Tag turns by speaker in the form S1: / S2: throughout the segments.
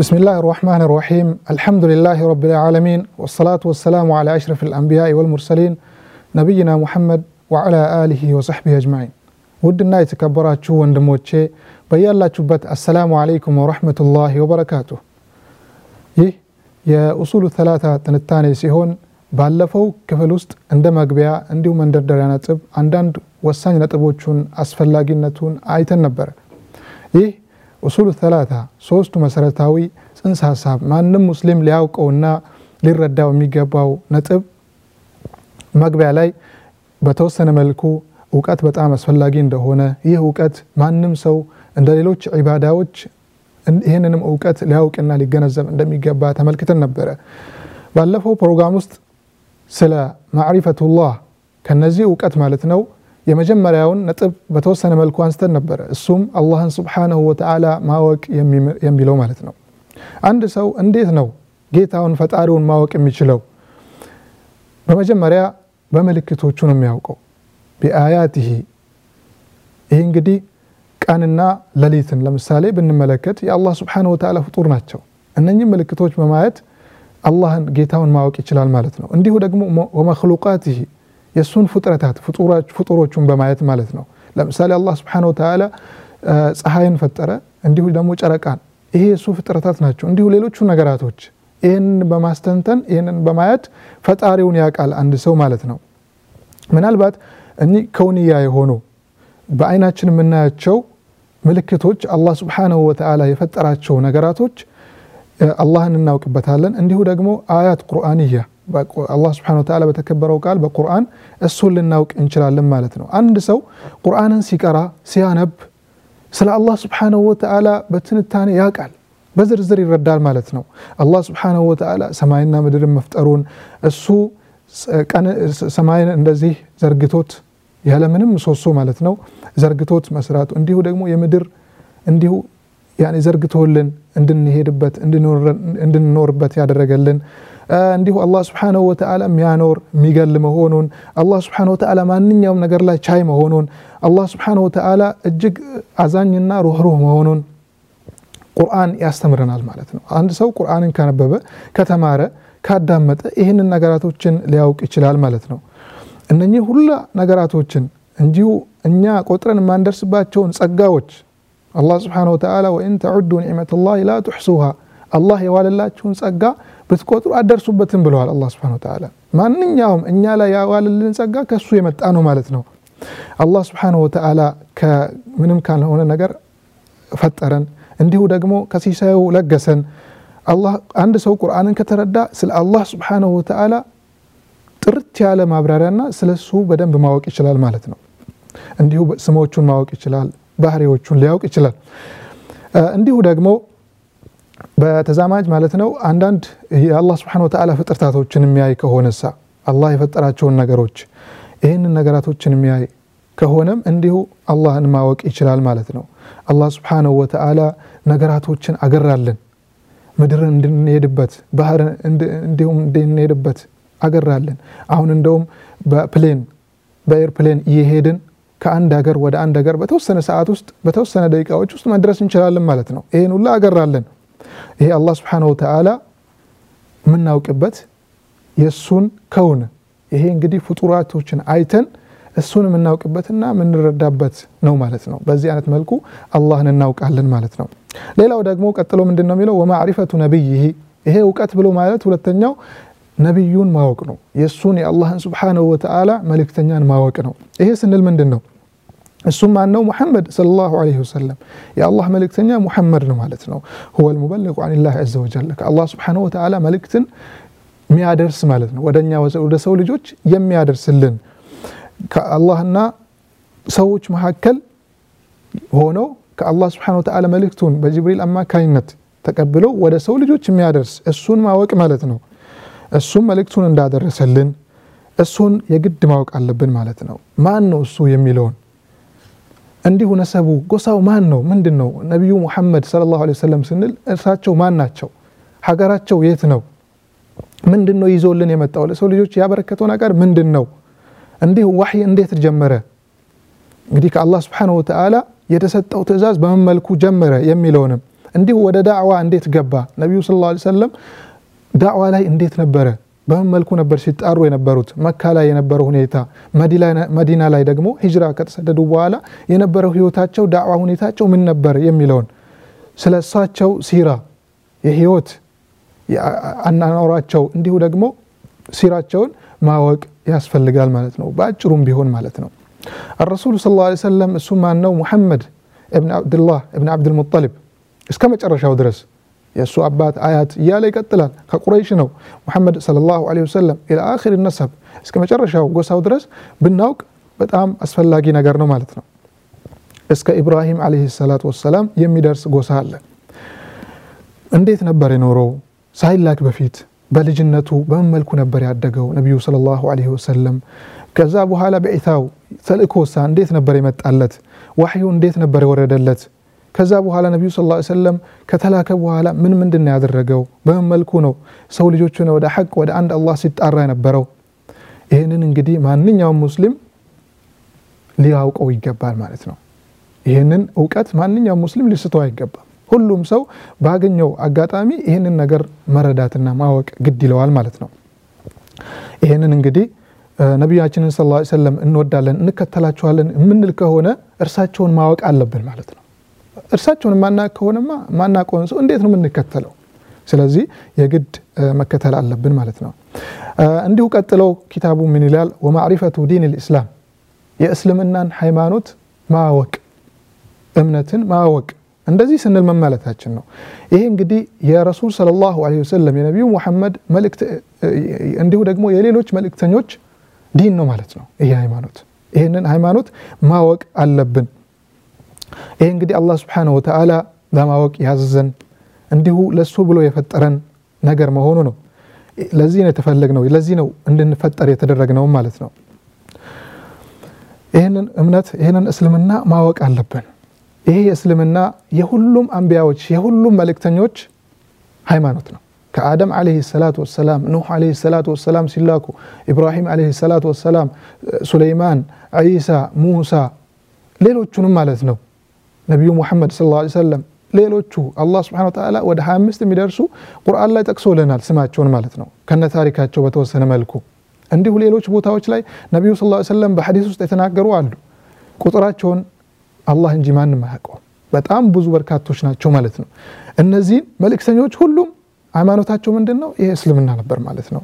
S1: بسم الله الرحمن الرحيم الحمد لله رب العالمين والصلاة والسلام على أشرف الأنبياء والمرسلين نبينا محمد وعلى آله وصحبه أجمعين ودنا شو يتكبراتشو بيا الله شبت السلام عليكم ورحمة الله وبركاته يا أصول الثلاثة تنتاني سيهون بالفو كفلوست عندما ውስጥ عندما መግቢያ እንዲሁም መንደርደሪያ ነጥብ وساني ወሳኝ أسفل አስፈላጊነቱን አይተን ነበር يه ኡሱሉ ተላታ ሶስቱ መሰረታዊ ጽንሰ ሀሳብ ማንም ሙስሊም ሊያውቀውና ሊረዳው የሚገባው ነጥብ መግቢያ ላይ በተወሰነ መልኩ እውቀት በጣም አስፈላጊ እንደሆነ ይህ እውቀት ማንም ሰው እንደ ሌሎች ዒባዳዎች ይህንንም እውቀት ሊያውቅና ሊገነዘብ እንደሚገባ ተመልክተን ነበረ። ባለፈው ፕሮግራም ውስጥ ስለ ማዕሪፈቱላህ ከነዚህ እውቀት ማለት ነው የመጀመሪያውን ነጥብ በተወሰነ መልኩ አንስተን ነበረ። እሱም አላህን ስብሓነሁ ወተዓላ ማወቅ የሚለው ማለት ነው። አንድ ሰው እንዴት ነው ጌታውን ፈጣሪውን ማወቅ የሚችለው? በመጀመሪያ በምልክቶቹ ነው የሚያውቀው፣ ቢአያትህ። ይህ እንግዲህ ቀንና ለሊትን ለምሳሌ ብንመለከት የአላህ ስብሓነሁ ወተዓላ ፍጡር ናቸው። እነኚህ ምልክቶች በማየት አላህን ጌታውን ማወቅ ይችላል ማለት ነው። እንዲሁ ደግሞ ወመክሉቃትህ የእሱን ፍጥረታት ፍጡሮቹን በማየት ማለት ነው። ለምሳሌ አላ ስብን ተላ ፀሐይን ፈጠረ፣ እንዲሁ ደግሞ ጨረቃን። ይሄ የእሱ ፍጥረታት ናቸው። እንዲሁ ሌሎቹ ነገራቶች ይህንን በማስተንተን ይህንን በማየት ፈጣሪውን ያውቃል አንድ ሰው ማለት ነው። ምናልባት እኒህ ከውንያ የሆኑ በአይናችን የምናያቸው ምልክቶች አላ ስብንሁ ወተላ የፈጠራቸው ነገራቶች አላህን እናውቅበታለን። እንዲሁ ደግሞ አያት ቁርአንያ አላህ ስብሓነ ወተዓላ በተከበረው ቃል በቁርአን እሱን ልናውቅ እንችላለን ማለት ነው። አንድ ሰው ቁርአንን ሲቀራ ሲያነብ ስለ አላህ ስብሓነሁ ወተዓላ በትንታኔ ያውቃል፣ በዝርዝር ይረዳል ማለት ነው። አላህ ስብሓነሁ ወተዓላ ሰማይና ምድርን መፍጠሩን እሱ ሰማይን እንደዚህ ዘርግቶት ያለምንም ምሰሶ ማለት ነው ዘርግቶት መስራቱ፣ እንዲሁ ደግሞ የምድር እንዲሁ ዘርግቶልን እንድንሄድበት እንድንኖርበት ያደረገልን እንዲሁ አላህ ስብሓንሁ ወተዓላ የሚያኖር የሚገል መሆኑን አላህ ስብሓንሁ ወተዓላ ማንኛውም ነገር ላይ ቻይ መሆኑን አላህ ስብሓንሁ ወተዓላ እጅግ አዛኝና ሩህሩህ መሆኑን ቁርአን ያስተምረናል ማለት ነው። አንድ ሰው ቁርአንን ካነበበ፣ ከተማረ፣ ካዳመጠ ይህንን ነገራቶችን ሊያውቅ ይችላል ማለት ነው። እነኚህ ሁላ ነገራቶችን እንዲሁ እኛ ቆጥረን የማንደርስባቸውን ጸጋዎች አላህ ስብሓንሁ ወተዓላ ወኢን ተዑዱ ኒዕመተላሂ ላ ትሕሱሃ አላህ የዋለላችሁን ጸጋ ብትቆጥሩ አደርሱበትም ብለዋል አላህ ስብሐነሁ ወተዓላ። ማንኛውም እኛ ላይ ያዋለልን ጸጋ ከሱ የመጣ ነው ማለት ነው። አላህ ስብሐነሁ ወተዓላ ከምንም ካልሆነ ነገር ፈጠረን፣ እንዲሁ ደግሞ ከሲሳዩ ለገሰን። አንድ ሰው ቁርአንን ከተረዳ ስለ አላህ ስብሐነሁ ወተዓላ ጥርት ያለ ማብራሪያና ስለ እሱ በደንብ ማወቅ ይችላል ማለት ነው። እንዲሁ ስሞቹን ማወቅ ይችላል፣ ባህሪዎቹን ሊያውቅ ይችላል። እንዲሁ ደግሞ በተዛማጅ ማለት ነው አንዳንድ የአላህ ስብሓን ወተዓላ ፍጥርታቶችን የሚያይ ከሆነሳ አላህ የፈጠራቸውን ነገሮች ይህንን ነገራቶችን የሚያይ ከሆነም እንዲሁ አላህን ማወቅ ይችላል ማለት ነው። አላህ ስብሓንሁ ወተዓላ ነገራቶችን አገራልን፣ ምድርን እንድንሄድበት፣ ባህርን እንዲሁም እንድንሄድበት አገራልን። አሁን እንደውም በፕሌን በኤርፕሌን እየሄድን ከአንድ ሀገር ወደ አንድ ሀገር በተወሰነ ሰዓት ውስጥ በተወሰነ ደቂቃዎች ውስጥ መድረስ እንችላለን ማለት ነው። ይህን ሁላ አገራለን። ይሄ አላህ ስብሓን ወተዓላ የምናውቅበት የእሱን ከውን ይሄ እንግዲህ ፍጡራቶችን አይተን እሱን የምናውቅበትና የምንረዳበት ነው ማለት ነው። በዚህ አይነት መልኩ አላህን እናውቃለን ማለት ነው። ሌላው ደግሞ ቀጥሎ ምንድን ነው የሚለው ወማዕሪፈቱ ነቢይህ ይሄ እውቀት ብሎ ማለት ሁለተኛው ነቢዩን ማወቅ ነው። የእሱን የአላህን ስብሓነሁ ወተዓላ መልእክተኛን ማወቅ ነው። ይሄ ስንል ምንድን ነው እሱ ማን ነው? ሙሐመድ ሰለላሁ ዐለይሂ ወሰለም የአላህ መልእክተኛ ሙሐመድ ነው ማለት ነው። ሁወ ልሙበሊቁ አኒላህ አዘ ወጀል ከአላህ ስብሓነሁ ወተዓላ መልእክትን የሚያደርስ ማለት ነው። ወደኛ ወደ ሰው ልጆች የሚያደርስልን ከአላህና ሰዎች መካከል ሆነው ከአላህ ስብሓነሁ ወተዓላ መልእክቱን በጅብሪል አማካኝነት ተቀብለው ወደ ሰው ልጆች የሚያደርስ እሱን ማወቅ ማለት ነው። እሱም መልእክቱን እንዳደረሰልን እሱን የግድ ማወቅ አለብን ማለት ነው። ማን ነው እሱ የሚለውን እንዲሁ ነሰቡ ጎሳው ማን ነው ምንድን ነው ነቢዩ ሙሐመድ ሰለላሁ ዐለይሂ ሰለም ስንል እርሳቸው ማን ናቸው ሀገራቸው የት ነው ምንድን ነው ይዞልን የመጣው ለሰው ልጆች ያበረከተው ነገር ምንድን ነው እንዲሁ ዋህይ እንዴት ጀመረ እንግዲህ ከአላህ ስብሓን ወተላ የተሰጠው ትእዛዝ በመመልኩ ጀመረ የሚለውንም እንዲሁ ወደ ዳዕዋ እንዴት ገባ ነቢዩ ስለ ላ ሰለም ዳዕዋ ላይ እንዴት ነበረ በምን መልኩ ነበር ሲጣሩ የነበሩት? መካ ላይ የነበረው ሁኔታ፣ መዲና ላይ ደግሞ ሂጅራ ከተሰደዱ በኋላ የነበረው ህይወታቸው፣ ዳዕዋ ሁኔታቸው ምን ነበር የሚለውን ስለ እሳቸው ሲራ፣ የህይወት አናኖራቸው እንዲሁ ደግሞ ሲራቸውን ማወቅ ያስፈልጋል ማለት ነው። በአጭሩም ቢሆን ማለት ነው። አረሱሉ ሰለላሁ ዐለይሂ ወሰለም እሱ ማነው? ሙሐመድ እብን አብድላህ እብን አብድልሙጠሊብ እስከ መጨረሻው ድረስ የእሱ አባት አያት እያለ ይቀጥላል። ከቁረይሽ ነው ሙሐመድ ሰለላሁ ለ ወሰለም ኢላ አኺር ነሰብ እስከ መጨረሻው ጎሳው ድረስ ብናውቅ በጣም አስፈላጊ ነገር ነው ማለት ነው። እስከ ኢብራሂም ለ ሰላቱ ወሰላም የሚደርስ ጎሳ አለ። እንዴት ነበር የኖረው? ሳይላክ በፊት በልጅነቱ በምን መልኩ ነበር ያደገው ነቢዩ ሰለላሁ ዐለይሂ ወሰለም? ከዛ በኋላ በዒታው ተልእኮሳ እንዴት ነበር የመጣለት? ዋሕዩ እንዴት ነበር የወረደለት? ከዛ በኋላ ነቢዩ ስለ ሰለም ከተላከ በኋላ ምን ምንድን ያደረገው በምን መልኩ ነው ሰው ልጆችን ወደ ሐቅ ወደ አንድ አላህ ሲጣራ የነበረው? ይህንን እንግዲህ ማንኛውም ሙስሊም ሊያውቀው ይገባል ማለት ነው። ይህንን እውቀት ማንኛውም ሙስሊም ሊስተው አይገባም። ሁሉም ሰው ባገኘው አጋጣሚ ይህንን ነገር መረዳትና ማወቅ ግድ ይለዋል ማለት ነው። ይህንን እንግዲህ ነቢያችንን ስለ ሰለም እንወዳለን እንከተላቸዋለን የምንል ከሆነ እርሳቸውን ማወቅ አለብን ማለት ነው። እርሳቸውን ማናቅ ከሆነማ ማናቀውን ሰው እንዴት ነው የምንከተለው? ስለዚህ የግድ መከተል አለብን ማለት ነው። እንዲሁ ቀጥለው ኪታቡ ምን ይላል? ወማዕሪፈቱ ዲን ልእስላም የእስልምናን ሃይማኖት ማወቅ፣ እምነትን ማወቅ እንደዚህ ስንል መማለታችን ነው። ይሄ እንግዲህ የረሱል ሰለላሁ ዐለይሂ ወሰለም የነቢዩ ሙሐመድ መልእክት እንዲሁ ደግሞ የሌሎች መልእክተኞች ዲን ነው ማለት ነው። ይሄ ሃይማኖት ይህንን ሃይማኖት ማወቅ አለብን። ይህ እንግዲህ አላህ ስብሓንሁ ወተዓላ ለማወቅ ያዘዘን እንዲሁ ለእሱ ብሎ የፈጠረን ነገር መሆኑ ነው። ለዚህ ነው የተፈለግነው፣ ለዚህ ነው እንድንፈጠር የተደረግነው ማለት ነው። ይህንን እምነት ይህንን እስልምና ማወቅ አለብን። ይሄ የእስልምና የሁሉም አንቢያዎች የሁሉም መልእክተኞች ሃይማኖት ነው። ከአደም ዓለይህ ሰላት ወሰላም፣ ኑሕ ዓለይህ ሰላት ወሰላም ሲላኩ፣ ኢብራሂም ዓለይህ ሰላት ወሰላም፣ ሱለይማን፣ ዒሳ፣ ሙሳ ሌሎቹንም ማለት ነው ነቢዩ ሙሐመድ ሰለላሁ ዐለይሂ ወሰለም ሌሎቹ አላህ ስብሐነ ወተዓላ ወደ 25 የሚደርሱ ቁርአን ላይ ጠቅሶልናል ስማቸውን ማለት ነው ከነ ታሪካቸው በተወሰነ መልኩ እንዲሁ ሌሎች ቦታዎች ላይ ነቢዩ ሰለላሁ ዐለይሂ በሐዲስ ውስጥ የተናገሩ አሉ ቁጥራቸውን አላህ እንጂ ማንም አያውቀውም በጣም ብዙ በርካቶች ናቸው ማለት ነው እነዚህን መልእክተኞች ሁሉም ሃይማኖታቸው ምንድን ነው ይሄ እስልምና ነበር ማለት ነው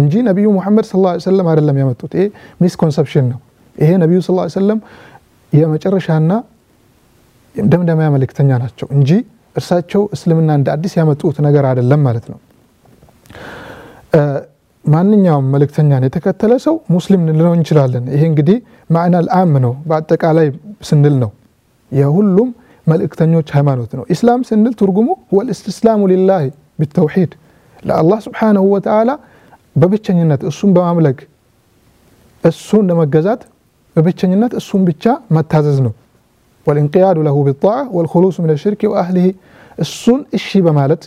S1: እንጂ ነቢዩ ሙሐመድ ሰለላሁ ዐለይሂ ወሰለም አይደለም ያመጡት ይሄ ሚስኮንሰፕሽን ነው ይሄ ነቢዩ ሰለላሁ ዐለይሂ የመጨረሻና ደምደሚያ መልእክተኛ ናቸው እንጂ እርሳቸው እስልምና እንደ አዲስ ያመጡት ነገር አይደለም ማለት ነው። ማንኛውም መልእክተኛን የተከተለ ሰው ሙስሊም ልነው እንችላለን። ይሄ እንግዲህ ማዕና ልአም ነው፣ በአጠቃላይ ስንል ነው። የሁሉም መልእክተኞች ሃይማኖት ነው። ኢስላም ስንል ትርጉሙ ወልእስትስላሙ ሊላህ ብተውሒድ ለአላህ ስብሓንሁ ወተላ በብቸኝነት እሱን በማምለክ እሱን ለመገዛት በብቸኝነት እሱን ብቻ መታዘዝ ነው። ወልእንቅያዱ ለሁ ቢጣዕ ወልኹሉሱ ምን ሽርክ ወአህሊህ እሱን እሺ በማለት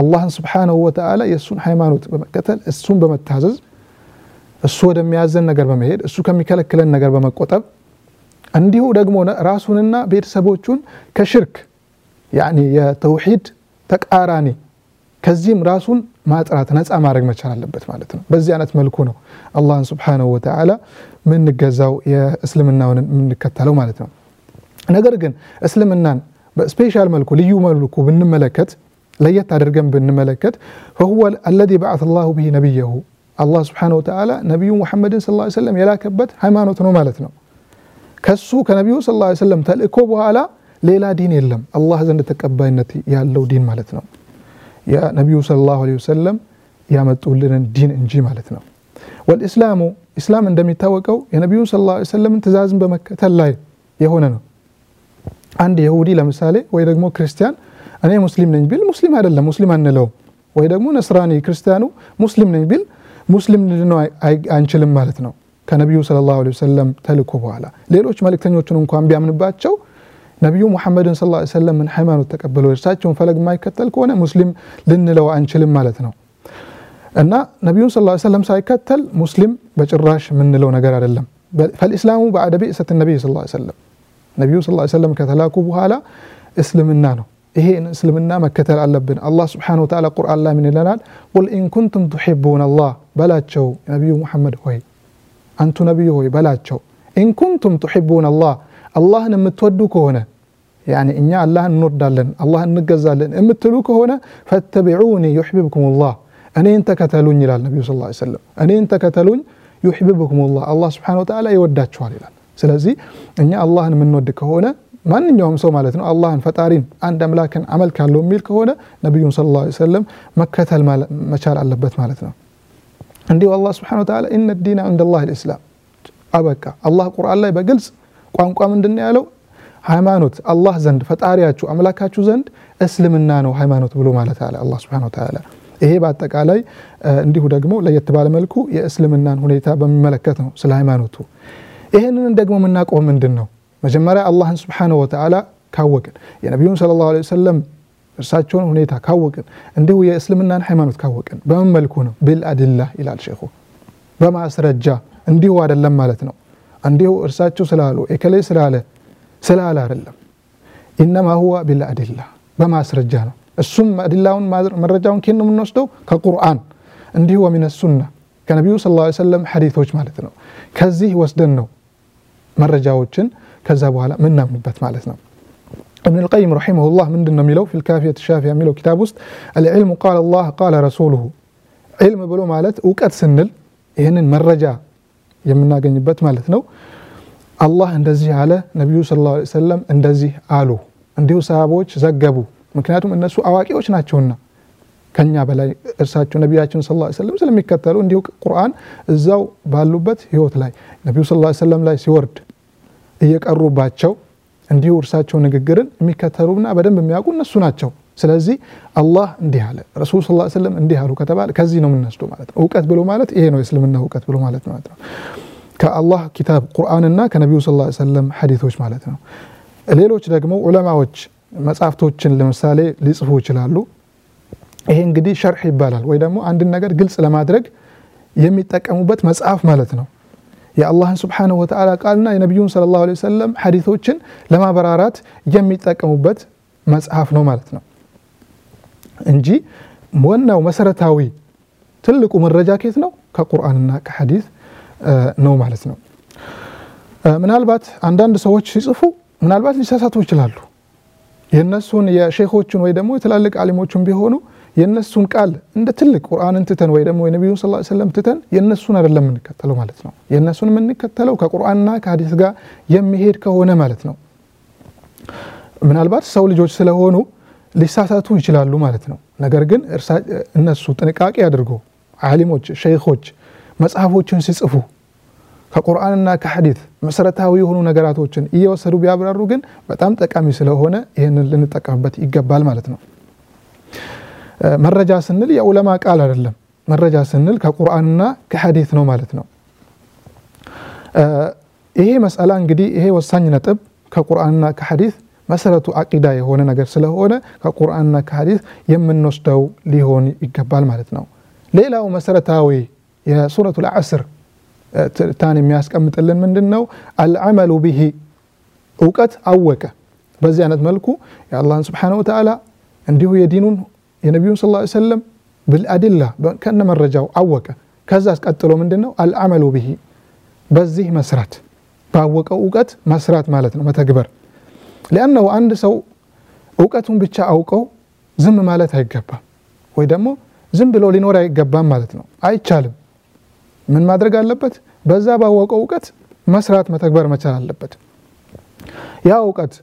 S1: አላህን ስብሓነሁ ወተዓላ የእሱን ሃይማኖት በመከተል እሱን በመታዘዝ እሱ ወደሚያዘን ነገር በመሄድ እሱ ከሚከለክለን ነገር በመቆጠብ እንዲሁ ደግሞ ራሱንና ቤተሰቦቹን ከሽርክ ያኒ የተውሂድ ተቃራኒ ከዚህም ራሱን ማጥራት ነፃ ማድረግ መቻል አለበት ማለት ነው። በዚህ አይነት መልኩ ነው አላህን ስብሓነሁ ወተዓላ ምንገዛው የእስልምናውን የምንከተለው ማለት ነው። نجرجن اسلم النان سبيشال ملكو ليو ملكو بن ملكت ليت ارجن بن ملكت فهو الذي بعث الله به نبيه الله سبحانه وتعالى نبي محمد صلى الله عليه وسلم يلا كبت هاي ما نوتنو كسو كنبيه صلى الله عليه وسلم تلقوا على ليلا دين يلم الله زند تكبه النتي يا لو دين مالتنا يا نبي صلى الله عليه وسلم يا ما تقول لنا دين انجي مالتنا والاسلام اسلام عندما يتوقع يا نبي صلى الله عليه وسلم تزازم بمكة اللاي يهوننو አንድ የሁዲ ለምሳሌ ወይ ደግሞ ክርስቲያን እኔ ሙስሊም ነኝ ቢል ሙስሊም አይደለም፣ ሙስሊም አንለው ወይ ደግሞ ነስራኒ ክርስቲያኑ ሙስሊም ነኝ ቢል ሙስሊም ልንለው አንችልም ማለት ነው። ከነቢዩ ሰለላሁ ዐለይሂ ወሰለም ተልእኮ በኋላ ሌሎች መልእክተኞችን እንኳን ቢያምንባቸው ነቢዩ ሙሐመድን ሰለላሁ ዐለይሂ ወሰለም ምን ሃይማኖት ተቀብሎ እርሳቸውን ፈለግ የማይከተል ከሆነ ሙስሊም ልንለው አንችልም ማለት ነው። እና ነቢዩን ሰለላሁ ዐለይሂ ሳይከተል ሙስሊም በጭራሽ የምንለው ነገር አይደለም። ፈልእስላሙ በዐደ ብእሰት ነቢይ ሰለላሁ ዐለይሂ ነቢዩ ስ ሰለም ከተላኩ በኋላ እስልምና ነው ይሄ እስልምና መከተል አለብን አላህ ስብሓን ወተላ ቁርአን ላይ ምን ይለናል ቁል ኢንኩንቱም ትሕቡን አላህ በላቸው ነቢዩ ሙሐመድ ሆይ አንቱ ነቢዩ ሆይ በላቸው ኢንኩንቱም ትሕቡን አላህ አላህን የምትወዱ ከሆነ يعني إني الله نردالن الله نجزالن امتلو هنا فاتبعوني يحببكم الله أنا أنت كتلون النبي صلى الله عليه وسلم أنا يعني أنت كتلون يحببكم الله الله سبحانه وتعالى يودات شوال ስለዚህ እኛ አላህን የምንወድ ከሆነ ማንኛውም ሰው ማለት ነው አላህን ፈጣሪን አንድ አምላክን አመልካለሁ የሚል ከሆነ ነቢዩን ስለ ላ ሰለም መከተል መቻል አለበት ማለት ነው። እንዲሁ አላህ ስብሓነ ወተዓላ ኢነ ዲነ ዐንደላህ ልእስላም አበቃ። አላህ ቁርአን ላይ በግልጽ ቋንቋ ምንድን ያለው? ሃይማኖት አላህ ዘንድ ፈጣሪያችሁ አምላካችሁ ዘንድ እስልምና ነው ሃይማኖት ብሎ ማለት አለ አላ ስብን ተላ ይሄ በአጠቃላይ እንዲሁ ደግሞ ለየት ባለ መልኩ የእስልምናን ሁኔታ በሚመለከት ነው ስለ ሃይማኖቱ ይህንን ደግሞ የምናውቀው ምንድን ነው? መጀመሪያ አላህን ስብሓነሁ ወተዓላ ካወቅን የነቢዩን ሰለላሁ ዐለይሂ ወሰለም እርሳቸውን ሁኔታ ካወቅን እንዲሁ የእስልምናን ሃይማኖት ካወቅን በምን መልኩ ነው? ቢልአድላ ይላል ሼኹ። በማስረጃ እንዲሁ አይደለም ማለት ነው። እንዲሁ እርሳቸው ስላሉ ኤከሌ ስላለ ስላለ አይደለም። ኢነማ ሁዋ ቢልአድላ በማስረጃ ነው። እሱም አድላውን መረጃውን ኬን የምንወስደው ከቁርአን እንዲሁ ወሚነ ሱና ከነቢዩ ሰለላሁ ዐለይሂ ወሰለም ሐዲቶች ማለት ነው። ከዚህ ወስደን ነው መረጃዎችን ከዛ በኋላ ምናምንበት ማለት ነው ابن القيم رحمه الله من دنا ميلو في الكافية الشافية ميلو كتاب وسط العلم قال الله قال رسوله علم بلو مالت وقت سنل ይህንን መረጃ የምናገኝበት ማለት ነው አላህ እንደዚህ አለ ነቢዩ ስለ ላ ሰለም እንደዚህ አሉ እንዲሁ ሰሃቦች ዘገቡ ምክንያቱም እነሱ አዋቂዎች ናቸውና ከኛ በላይ እርሳቸው ነቢያችን ስ ሰለም ስለሚከተሉ እንዲሁ ቁርአን እዛው ባሉበት ህይወት ላይ ነቢዩ ስ ሰለም ላይ ሲወርድ እየቀሩባቸው እንዲሁ እርሳቸው ንግግርን የሚከተሉና በደንብ የሚያውቁ እነሱ ናቸው። ስለዚህ አላህ እንዲህ አለ፣ ረሱል ስ ሰለም እንዲህ አሉ ከተባለ ከዚህ ነው የምንወስደው ማለት ነው። እውቀት ብሎ ማለት ይሄ ነው የእስልምና እውቀት ብሎ ማለት ማለት ነው። ከአላህ ኪታብ ቁርአንና ከነቢዩ ስ ሰለም ሐዲቶች ማለት ነው። ሌሎች ደግሞ ዑለማዎች መጽሐፍቶችን ለምሳሌ ሊጽፉ ይችላሉ። ይሄ እንግዲህ ሸርሕ ይባላል ወይ ደግሞ አንድን ነገር ግልጽ ለማድረግ የሚጠቀሙበት መጽሐፍ ማለት ነው። የአላህን ስብሓንሁ ወተዓላ ቃልና የነቢዩን ሰለላሁ ዐለይሂ ወሰለም ሐዲቶችን ለማበራራት የሚጠቀሙበት መጽሐፍ ነው ማለት ነው እንጂ ዋናው መሰረታዊ ትልቁ መረጃ ከየት ነው? ከቁርአንና ከሐዲስ ነው ማለት ነው። ምናልባት አንዳንድ ሰዎች ሲጽፉ ምናልባት ሊሳሳቱ ይችላሉ። የእነሱን የሼኾቹን ወይ ደግሞ የትላልቅ ዓሊሞቹን ቢሆኑ የእነሱን ቃል እንደ ትልቅ ቁርአንን ትተን ወይ ደግሞ የነቢዩን ስ ሰለም ትተን የእነሱን አይደለም የምንከተለው ማለት ነው። የእነሱን የምንከተለው ከቁርአንና ከሀዲስ ጋር የሚሄድ ከሆነ ማለት ነው። ምናልባት ሰው ልጆች ስለሆኑ ሊሳሳቱ ይችላሉ ማለት ነው። ነገር ግን እነሱ ጥንቃቄ አድርጎ አሊሞች ሸይኾች መጽሐፎችን ሲጽፉ ከቁርአንና ከሐዲት መሰረታዊ የሆኑ ነገራቶችን እየወሰዱ ቢያብራሩ ግን በጣም ጠቃሚ ስለሆነ ይህንን ልንጠቀምበት ይገባል ማለት ነው። መረጃ ስንል የዑለማ ቃል አይደለም። መረጃ ስንል ከቁርአንና ከሐዲት ነው ማለት ነው። ይሄ መስአላ እንግዲህ ይሄ ወሳኝ ነጥብ ከቁርአንና ከሐዲት መሰረቱ አቂዳ የሆነ ነገር ስለሆነ ከቁርአንና ከሐዲት የምንወስደው ሊሆን ይገባል ማለት ነው። ሌላው መሰረታዊ የሱረቱ አስር ትንታኔ የሚያስቀምጥልን ምንድን ነው? አልዓመሉ ብሂ እውቀት አወቀ። በዚህ አይነት መልኩ የአላህን ስብሓነሁ ወተዓላ እንዲሁ የዲኑን የነቢዩን ስ ላ ሰለም ብልአድላ ከነ መረጃው አወቀ ከዛ አስቀጥሎ ምንድን ነው አልአመሉ ብሂ በዚህ መስራት ባወቀው እውቀት መስራት ማለት ነው መተግበር ሊአነሁ አንድ ሰው እውቀቱን ብቻ አውቀው ዝም ማለት አይገባም ወይ ደግሞ ዝም ብሎ ሊኖር አይገባም ማለት ነው አይቻልም ምን ማድረግ አለበት በዛ ባወቀው እውቀት መስራት መተግበር መቻል አለበት ያ እውቀት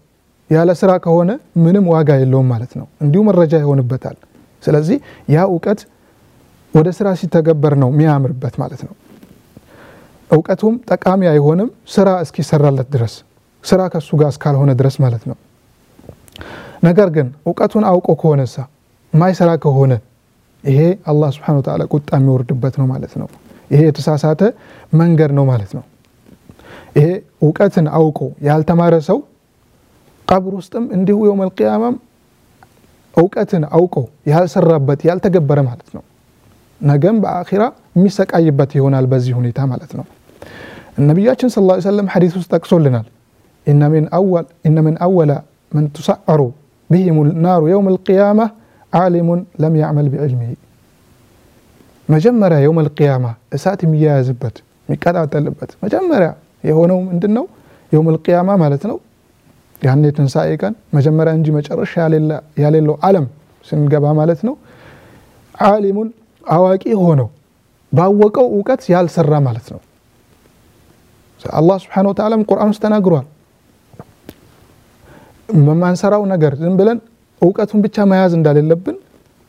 S1: ያለ ስራ ከሆነ ምንም ዋጋ የለውም ማለት ነው እንዲሁ መረጃ ይሆንበታል ስለዚህ ያ እውቀት ወደ ስራ ሲተገበር ነው የሚያምርበት ማለት ነው። እውቀቱም ጠቃሚ አይሆንም ስራ እስኪሰራለት ድረስ ስራ ከሱ ጋር እስካልሆነ ድረስ ማለት ነው። ነገር ግን እውቀቱን አውቆ ከሆነሳ ማይሰራ ከሆነ ይሄ አላህ ስብን ወተዓላ ቁጣ የሚወርድበት ነው ማለት ነው። ይሄ የተሳሳተ መንገድ ነው ማለት ነው። ይሄ እውቀትን አውቆ ያልተማረ ሰው ቀብር ውስጥም እንዲሁ የውም ቂያማም أوكاتن أوكو يهال سرابت يهال تقبر مالتنا نقم بآخرة ميساك أي باتي هنا البزي هنا تامالتنا النبي صلى الله عليه وسلم حديث استقصر لنا إن من أول إن من أول من تسعر بهم النار يوم القيامة عالم لم يعمل بعلمه مجمرة يوم القيامة إساتي مياه زبت مكالا تلبت مجمرة يهونو من دنو يوم القيامة مالتنو ያን የትንሣኤ ቀን መጀመሪያ እንጂ መጨረሻ ያሌለው አለም ስንገባ ማለት ነው። አሊሙን አዋቂ ሆነው ባወቀው እውቀት ያልሰራ ማለት ነው። አላህ ስብሓነሁ ወተዓላም ቁርአን ውስጥ ተናግሯል። በማንሰራው ነገር ዝም ብለን እውቀቱን ብቻ መያዝ እንዳሌለብን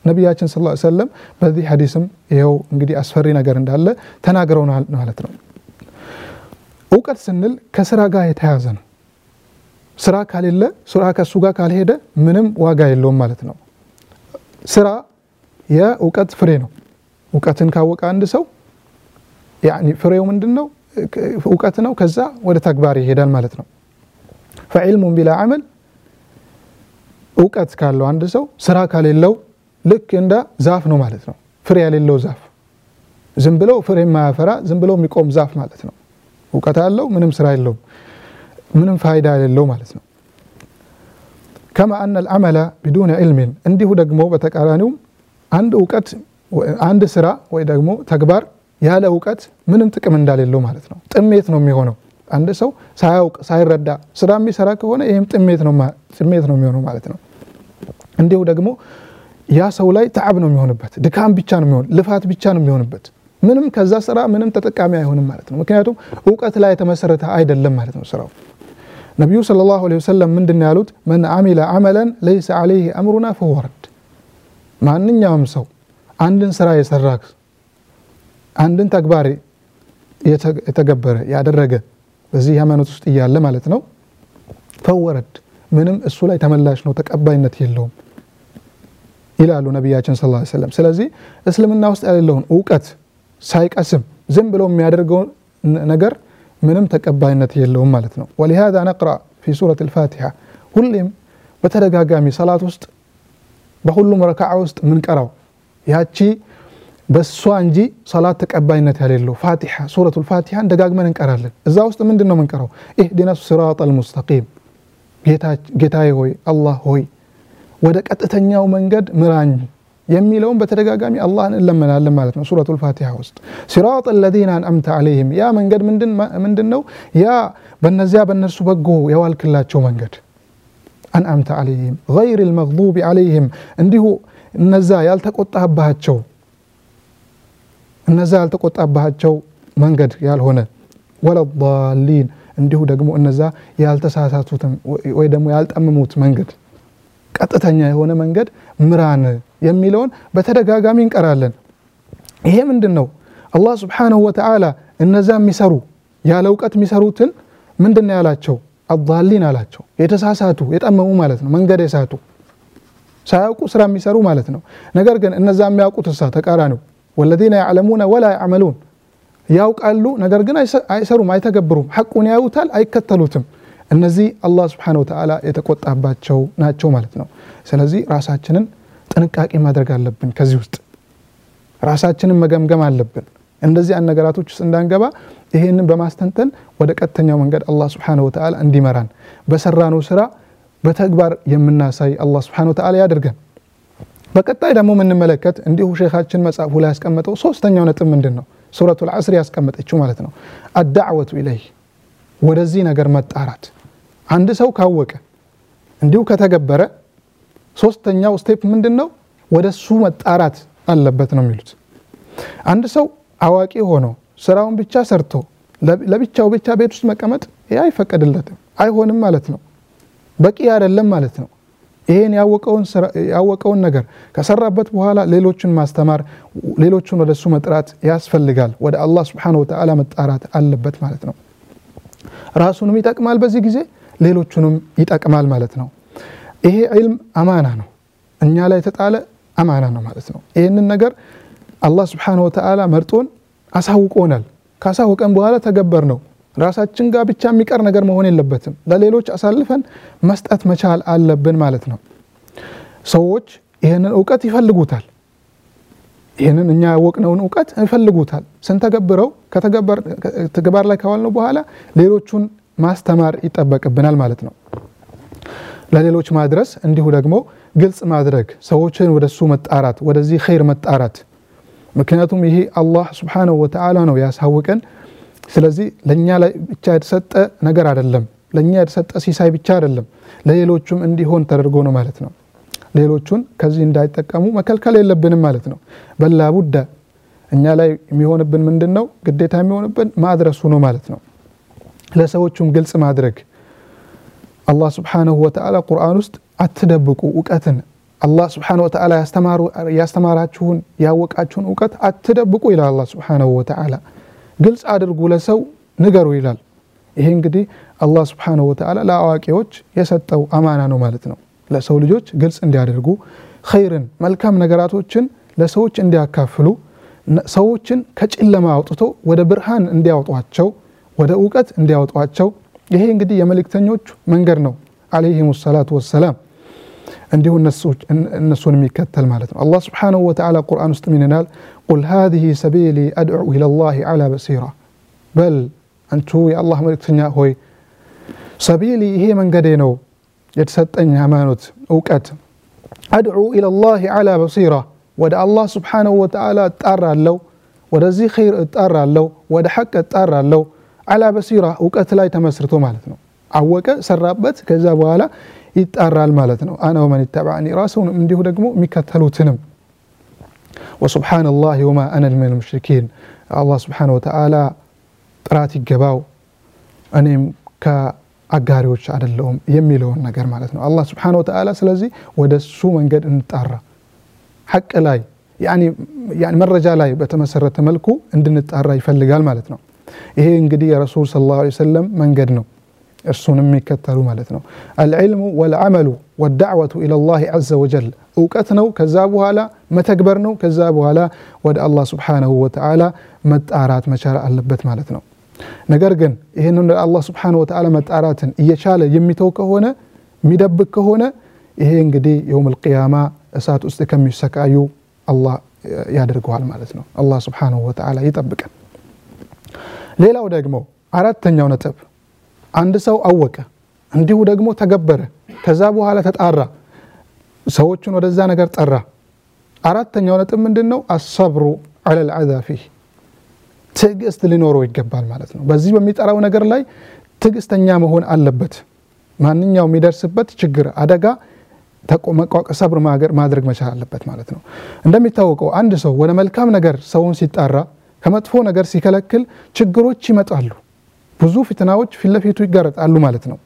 S1: ነቢያችን ስ ሰለም በዚህ ሐዲስም ይኸው እንግዲህ አስፈሪ ነገር እንዳለ ተናግረውናል ማለት ነው። እውቀት ስንል ከስራ ጋር የተያያዘ ነው። ስራ ካሌለ ስራ ከሱ ጋር ካልሄደ ምንም ዋጋ የለውም ማለት ነው። ስራ የእውቀት ፍሬ ነው። እውቀትን ካወቀ አንድ ሰው ፍሬው ምንድን ነው? እውቀት ነው። ከዛ ወደ ተግባር ይሄዳል ማለት ነው። ፈዕልሙን ቢላ አመል እውቀት ካለው አንድ ሰው ስራ ካሌለው ልክ እንደ ዛፍ ነው ማለት ነው። ፍሬ ያሌለው ዛፍ ዝም ብለው ፍሬ የማያፈራ ዝም ብለው የሚቆም ዛፍ ማለት ነው። እውቀት አለው፣ ምንም ስራ የለውም። ምንም ፋይዳ የሌለው ማለት ነው። ከማ አነ አልዓመለ ቢዱነ ዕልሚን እንዲሁ ደግሞ በተቃራኒው አንድ እውቀት አንድ ስራ ወይ ደግሞ ተግባር ያለ እውቀት ምንም ጥቅም እንዳሌለው ማለት ነው። ጥሜት ነው የሚሆነው። አንድ ሰው ሳያውቅ ሳይረዳ ስራ የሚሰራ ከሆነ ይህም ጥሜት ነው የሚሆነው ማለት ነው። እንዲሁ ደግሞ ያ ሰው ላይ ተዓብ ነው የሚሆንበት፣ ድካም ብቻ ነው የሚሆን፣ ልፋት ብቻ ነው የሚሆንበት። ምንም ከዛ ስራ ምንም ተጠቃሚ አይሆንም ማለት ነው። ምክንያቱም እውቀት ላይ የተመሰረተ አይደለም ማለት ነው ስራው። ነቢዩ ሰለላሁ ዐለይሂ ወሰለም ምንድን ነው ያሉት? መን አሚለ አመለን ለይሰ ዐለይህ አምሩና ፈወረድ ማንኛውም ሰው አንድን ስራ የሰራ አንድን ተግባር የተገበረ ያደረገ በዚህ ሃይማኖት ውስጥ እያለ ማለት ነው ፈወረድ ምንም እሱ ላይ ተመላሽ ነው ተቀባይነት የለውም ይላሉ ነቢያችን ሰለላሁ ዐለይሂ ስለዚህ እስልምና ውስጥ ያሌለውን እውቀት ሳይቀስም ዝም ብሎ የሚያደርገው ነገር ምንም ተቀባይነት የለውም ማለት ነው ወሊሃذا ነቅራ ፊ ሱረት ልፋቲሓ ሁሌም በተደጋጋሚ ሰላት ውስጥ በሁሉም ረክዓ ውስጥ ምንቀራው ያቺ በሷ እንጂ ሰላት ተቀባይነት ያሌለው ፋቲሓ ሱረቱ ልፋቲሓን ደጋግመን እንቀራለን እዛ ውስጥ ምንድን ነው ምንቀራው ኢህዲና ስራጥ አልሙስተቂም ጌታዬ ሆይ አላህ ሆይ ወደ ቀጥተኛው መንገድ ምራኝ የሚለውን በተደጋጋሚ አላህን እንለመናለን ማለት ነው። ሱረቱል ፋቲሃ ውስጥ ሲራጥ ለዚነ አንአምተ አለይህም ያ መንገድ ምንድን ነው? ያ በነዚያ በነሱ በጎ የዋልክላቸው መንገድ አንአምተ አለይህም ገይሪል መግዱቢ አለይህም እንዲሁ እነዛ ያልተቆጣባቸው እነዛ ያልተቆጣባቸው መንገድ ያልሆነ ወለዳሊን እንዲሁ ደግሞ እነዛ ያልተሳሳቱትም ወይ ደግሞ ያልጠመሙት መንገድ ቀጥተኛ የሆነ መንገድ ምራን የሚለውን በተደጋጋሚ እንቀራለን። ይሄ ምንድን ነው? አላህ ስብሓነሁ ወተዓላ እነዛ የሚሰሩ ያለ እውቀት የሚሰሩትን ምንድን ያላቸው? አሊን አላቸው። የተሳሳቱ የጠመሙ ማለት ነው፣ መንገድ የሳቱ ሳያውቁ ስራ የሚሰሩ ማለት ነው። ነገር ግን እነዛ የሚያውቁት እሳ ተቃራኒው ወለዚነ ያዕለሙነ ወላ ያዕመሉን ያውቃሉ፣ ነገር ግን አይሰሩም፣ አይተገብሩም። ሐቁን ያዩታል፣ አይከተሉትም። እነዚህ አላህ ስብሓነሁ ወተዓላ የተቆጣባቸው ናቸው ማለት ነው። ስለዚህ ራሳችንን ጥንቃቄ ማድረግ አለብን። ከዚህ ውስጥ ራሳችንን መገምገም አለብን። እንደዚህ አይነት ነገራቶች ውስጥ እንዳንገባ ይሄንን በማስተንተን ወደ ቀጥተኛው መንገድ አላህ ስብሓነሁ ወተዓላ እንዲመራን በሰራነው ስራ በተግባር የምናሳይ አላህ ስብሓነሁ ወተዓላ ያድርገን። በቀጣይ ደግሞ የምንመለከት እንዲሁ ሼኻችን መጽሐፉ ላይ ያስቀመጠው ሶስተኛው ነጥብ ምንድን ነው? ሱረቱል ዐስር ያስቀመጠችው ማለት ነው። አዳዕወቱ ኢለይህ ወደዚህ ነገር መጣራት አንድ ሰው ካወቀ እንዲሁ ከተገበረ ሶስተኛው ስቴፕ ምንድን ነው? ወደ እሱ መጣራት አለበት ነው የሚሉት። አንድ ሰው አዋቂ ሆኖ ስራውን ብቻ ሰርቶ ለብቻው ብቻ ቤት ውስጥ መቀመጥ ይህ አይፈቀድለትም፣ አይሆንም ማለት ነው። በቂ አይደለም ማለት ነው። ይህን ያወቀውን ነገር ከሰራበት በኋላ ሌሎችን ማስተማር፣ ሌሎችን ወደ እሱ መጥራት ያስፈልጋል። ወደ አላህ ስብሓነሁ ወተዓላ መጣራት አለበት ማለት ነው። ራሱንም ይጠቅማል በዚህ ጊዜ ሌሎቹንም ይጠቅማል ማለት ነው። ይሄ ዕልም አማና ነው። እኛ ላይ የተጣለ አማና ነው ማለት ነው። ይህንን ነገር አላህ ስብሓነሁ ወተላ መርጦን አሳውቆናል። ካሳውቀን በኋላ ተገበር ነው። ራሳችን ጋር ብቻ የሚቀር ነገር መሆን የለበትም። ለሌሎች አሳልፈን መስጠት መቻል አለብን ማለት ነው። ሰዎች ይህንን እውቀት ይፈልጉታል። ይህንን እኛ ያወቅነውን እውቀት ይፈልጉታል። ስንተገብረው ከተግባር ላይ ከዋልነው በኋላ ሌሎቹን ማስተማር ይጠበቅብናል ማለት ነው። ለሌሎች ማድረስ እንዲሁ ደግሞ ግልጽ ማድረግ ሰዎችን ወደሱ መጣራት ወደዚህ ኸይር መጣራት ምክንያቱም ይሄ አላህ ስብሓንሁ ወተዓላ ነው ያሳውቀን ስለዚህ ለእኛ ላይ ብቻ የተሰጠ ነገር አይደለም ለእኛ የተሰጠ ሲሳይ ብቻ አይደለም ለሌሎቹም እንዲሆን ተደርጎ ነው ማለት ነው ሌሎቹን ከዚህ እንዳይጠቀሙ መከልከል የለብንም ማለት ነው በላ ቡደ እኛ ላይ የሚሆንብን ምንድን ነው ግዴታ የሚሆንብን ማድረሱ ነው ማለት ነው ለሰዎቹም ግልጽ ማድረግ አላህ ስብሓንሁ ወተዓላ ቁርአን ውስጥ አትደብቁ እውቀትን አላህ ስብሓንሁ ወተዓላ ያስተማራችሁን ያወቃችሁን እውቀት አትደብቁ ይላል አላህ ስብሓንሁ ወተዓላ ግልጽ አድርጉ ለሰው ንገሩ ይላል ይሄ እንግዲህ አላህ ስብሓንሁ ወተዓላ ለአዋቂዎች የሰጠው አማና ነው ማለት ነው ለሰው ልጆች ግልጽ እንዲያደርጉ ኸይርን መልካም ነገራቶችን ለሰዎች እንዲያካፍሉ ሰዎችን ከጨለማ አውጥቶ ወደ ብርሃን እንዲያወጧቸው ወደ እውቀት እንዲያወጧቸው ይሄ እንግዲህ የመልእክተኞች መንገድ ነው አለይህም ሰላቱ ወሰላም እንዲሁ እነሱን የሚከተል ማለት ነው አላህ ስብሓንሁ ወተዓላ ቁርአን ውስጥ ምን ይናል ቁል ሃዚህ ሰቢሊ አድዑ ኢለላህ ዓላ በሲራ በል አንቱ የአላህ መልእክተኛ ሆይ ሰቢሊ ይሄ መንገዴ ነው የተሰጠኝ ሃይማኖት እውቀት አድዑ ኢለላህ ዓላ በሲራ ወደ አላህ ስብሓንሁ ወተዓላ እጣራለሁ ወደዚህ ኸይር እጣራለሁ ወደ ሐቅ እጣራለሁ على بصيرة وقت لا يتمسرتو مالتنا عوكا سرابت كذا بوالا يتقرى المالتنا أنا ومن اتبعني راسه من ديه دقمو مكتلو تنم وسبحان الله وما أنا من المشركين الله سبحانه وتعالى راتي قباو أنا كا أقاري وش على اللوم يمي لون مالتنا الله سبحانه وتعالى سلزي ودسو من قد انتقرى حق لاي يعني يعني مرة جالاي بتمسرت ملكو عندنا نتقرى يفلق المالتنا ይሄ እንግዲህ የረሱል ሰለላሁ ዐለይሂ ወሰለም መንገድ ነው እርሱን የሚከተሉ ማለት ነው። አልዕልሙ ወልዓመሉ ወዳዕወቱ ኢለላሂ ዐዘ ወጀል እውቀት ነው፣ ከዛ በኋላ መተግበር ነው፣ ከዛ በኋላ ወደ አላ ስብሓነሁ ወተዓላ መጣራት መቻል አለበት ማለት ነው። ነገር ግን ይህን ወደ አላህ ስብሓነሁ ወተዓላ መጣራትን እየቻለ የሚተው ከሆነ የሚደብቅ ከሆነ ይሄ እንግዲህ የውመል ቂያማ እሳት ውስጥ ከሚሰቃዩ አላ ያደርገዋል ማለት ነው። አላህ ስብሓነሁ ወተዓላ ይጠብቀን። ሌላው ደግሞ አራተኛው ነጥብ አንድ ሰው አወቀ፣ እንዲሁ ደግሞ ተገበረ፣ ከዛ በኋላ ተጣራ፣ ሰዎቹን ወደዛ ነገር ጠራ። አራተኛው ነጥብ ምንድን ነው? አሰብሩ አለል አዛፊ ፊህ ትዕግስት ሊኖረው ይገባል ማለት ነው። በዚህ በሚጠራው ነገር ላይ ትዕግስተኛ መሆን አለበት። ማንኛው የሚደርስበት ችግር፣ አደጋ ሰብር ማድረግ መቻል አለበት ማለት ነው። እንደሚታወቀው አንድ ሰው ወደ መልካም ነገር ሰውን ሲጣራ ከመጥፎ ነገር ሲከለክል ችግሮች ይመጣሉ። ብዙ ፍትናዎች ፊትለፊቱ ይጋረጣሉ ማለት ነው።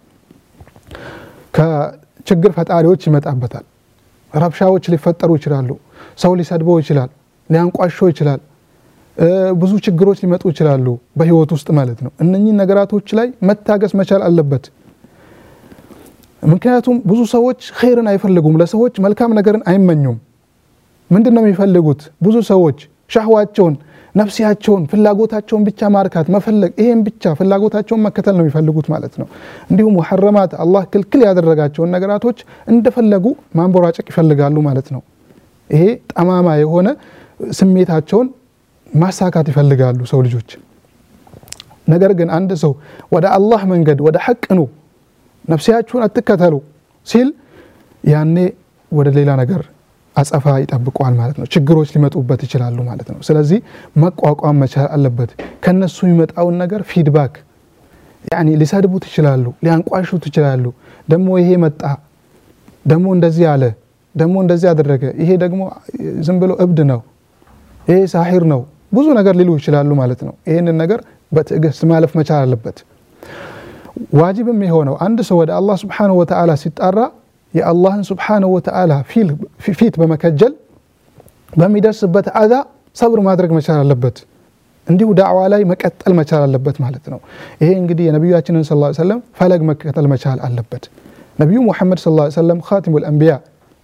S1: ከችግር ፈጣሪዎች ይመጣበታል። ረብሻዎች ሊፈጠሩ ይችላሉ። ሰው ሊሰድበው ይችላል። ሊያንቋሾ ይችላል። ብዙ ችግሮች ሊመጡ ይችላሉ በህይወት ውስጥ ማለት ነው። እነኚህ ነገራቶች ላይ መታገስ መቻል አለበት። ምክንያቱም ብዙ ሰዎች ኸይርን አይፈልጉም። ለሰዎች መልካም ነገርን አይመኙም። ምንድን ነው የሚፈልጉት? ብዙ ሰዎች ሻህዋቸውን ነፍሲያቸውን ፍላጎታቸውን ብቻ ማርካት መፈለግ፣ ይሄን ብቻ ፍላጎታቸውን መከተል ነው የሚፈልጉት ማለት ነው። እንዲሁም ሐረማት አላህ ክልክል ያደረጋቸውን ነገራቶች እንደፈለጉ ማንቦራጨቅ ይፈልጋሉ ማለት ነው። ይሄ ጠማማ የሆነ ስሜታቸውን ማሳካት ይፈልጋሉ ሰው ልጆች። ነገር ግን አንድ ሰው ወደ አላህ መንገድ ወደ ሐቅ ነው ነፍሲያችሁን አትከተሉ ሲል ያኔ ወደ ሌላ ነገር አጸፋ ይጠብቀዋል ማለት ነው። ችግሮች ሊመጡበት ይችላሉ ማለት ነው። ስለዚህ መቋቋም መቻል አለበት። ከነሱ የሚመጣውን ነገር ፊድባክ ያኔ ሊሰድቡት ይችላሉ፣ ሊያንቋሹት ይችላሉ። ደግሞ ይሄ መጣ፣ ደግሞ እንደዚህ አለ፣ ደግሞ እንደዚህ አደረገ፣ ይሄ ደግሞ ዝም ብሎ እብድ ነው፣ ይሄ ሳሒር ነው፣ ብዙ ነገር ሊሉ ይችላሉ ማለት ነው። ይህንን ነገር በትዕግስት ማለፍ መቻል አለበት። ዋጅብም የሆነው አንድ ሰው ወደ አላህ ስብሓነሁ ወተዓላ ሲጣራ የአላህን ስብሓንሁ ወተዓላ ፊት በመከጀል በሚደርስበት አዛ ሰብር ማድረግ መቻል አለበት። እንዲሁ ዳዕዋ ላይ መቀጠል መቻል አለበት ማለት ነው። ይሄ እንግዲህ የነቢያችንን ስ ሰለም ፈለግ መቀጠል መቻል አለበት። ነቢዩ ሙሐመድ ስ ሰለም ካቲሙል አንቢያ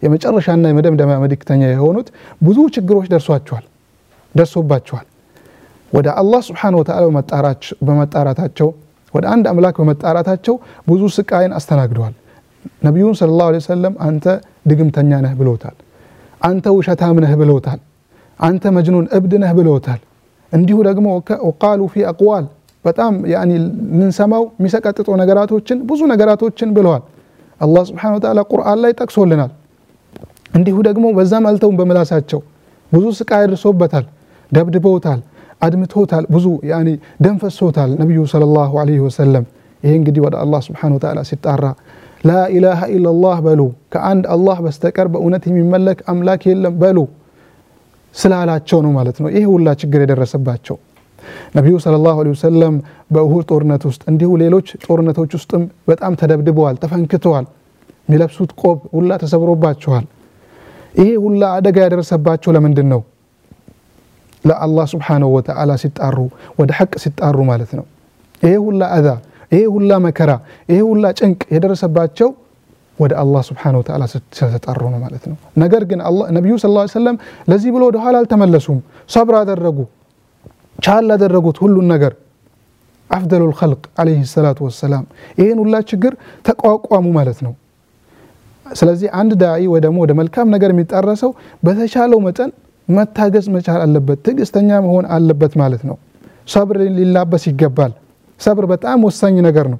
S1: የመጨረሻና የመደምደሚያ መልክተኛ የሆኑት ብዙ ችግሮች ደርሷቸዋል ደርሶባቸዋል። ወደ አላህ ስብሓነሁ ወተዓላ በመጣራታቸው ወደ አንድ አምላክ በመጣራታቸው ብዙ ስቃይን አስተናግደዋል። ነቢዩን ስለ ላሁ ሰለም አንተ ድግምተኛ ነህ ብሎታል። አንተ ውሸታም ነህ ብለውታል አንተ መጅኑን እብድ ነህ ብለውታል። እንዲሁ ደግሞ ቃሉ ፊ አቅዋል በጣም ያኒ የሚሰቀጥጦ ነገራቶችን ብዙ ነገራቶችን ብለዋል። አላ ስብን ወተዓላ ቁርአን ላይ ጠቅሶልናል። እንዲሁ ደግሞ በዛም አልተውን በመላሳቸው ብዙ ስቃ ደርሶበታል። ደብድበውታል፣ አድምቶታል፣ ብዙ ደንፈሶታል ነቢዩ ሰለላሁ ላሁ ወሰለም። ይሄ እንግዲህ ወደ አላ ስብን ወተዓላ ሲጣራ ላኢላሃ ኢላላህ በሉ ከአንድ አላህ በስተቀር በእውነት የሚመለክ አምላክ የለም በሉ ስላላቸው ነው ማለት ነው። ይህ ሁላ ችግር የደረሰባቸው ነቢዩ ሰለላሁ ዐለይሂ ወሰለም በኡሁድ ጦርነት ውስጥ እንዲሁ ሌሎች ጦርነቶች ውስጥም በጣም ተደብድበዋል፣ ተፈንክተዋል። የሚለብሱት ቆብ ሁላ ተሰብሮባቸዋል። ይሄ ሁላ አደጋ ያደረሰባቸው ለምንድን ነው? ለአላህ ስብሓነሁ ወተዓላ ሲጣሩ፣ ወደ ሐቅ ሲጣሩ ማለት ነው። ይሄ ሁላ አዛ ይሄ ሁላ መከራ ይሄ ሁላ ጭንቅ የደረሰባቸው ወደ አላህ ስብሓን ወተላ ስለተጠሩ ነው ማለት ነው። ነገር ግን ነቢዩ ስ ሰለም ለዚህ ብሎ ወደ ኋላ አልተመለሱም። ሰብር አደረጉ፣ ቻል አደረጉት ሁሉን ነገር አፍደሉ ልከልቅ ዓለይሂ ሰላቱ ወሰላም ይህን ሁላ ችግር ተቋቋሙ ማለት ነው። ስለዚህ አንድ ዳኢ ወይ ወደ መልካም ነገር የሚጣራ ሰው በተቻለው መጠን መታገዝ መቻል አለበት፣ ትዕግስተኛ መሆን አለበት ማለት ነው። ሰብር ሊላበስ ይገባል። ሰብር በጣም ወሳኝ ነገር ነው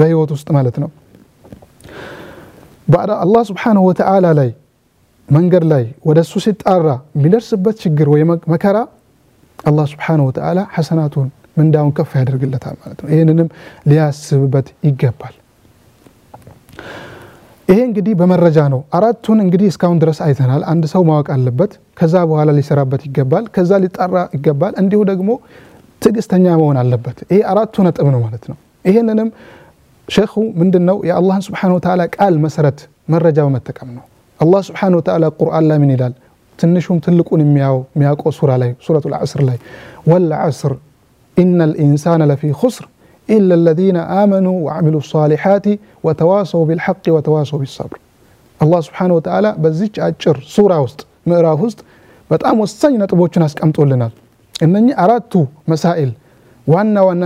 S1: በህይወት ውስጥ ማለት ነው አላህ ስብሓንሁ ወተዓላ ላይ መንገድ ላይ ወደ እሱ ሲጣራ የሚደርስበት ችግር ወይ መከራ አላህ ስብሓንሁ ወተዓላ ሐሰናቱን ምንዳውን ከፍ ያደርግለታል ማለት ነው ይህንንም ሊያስብበት ይገባል ይሄ እንግዲህ በመረጃ ነው አራቱን እንግዲህ እስካሁን ድረስ አይተናል አንድ ሰው ማወቅ አለበት ከዛ በኋላ ሊሰራበት ይገባል ከዛ ሊጣራ ይገባል እንዲሁ ደግሞ تجستني يا مون على لبت إيه أردت هنا تأمنه مالتنا إيه إننا شيخه من دنو يا الله سبحانه وتعالى قال مسرة مرة جاوا متكمنه الله سبحانه وتعالى قرآن لا من إلال تنشهم تلقون مياو مياك أسر علي سورة العصر لي والعصر إن الإنسان لفي خسر إلا الذين آمنوا وعملوا الصالحات وتواصوا بالحق وتواصوا بالصبر الله سبحانه وتعالى بزيج أجر سورة وست مئرا وست بتأم وستين نتبوتش ناس كم تقول لنا እነኚ አራቱ መሳኤል ዋና ዋና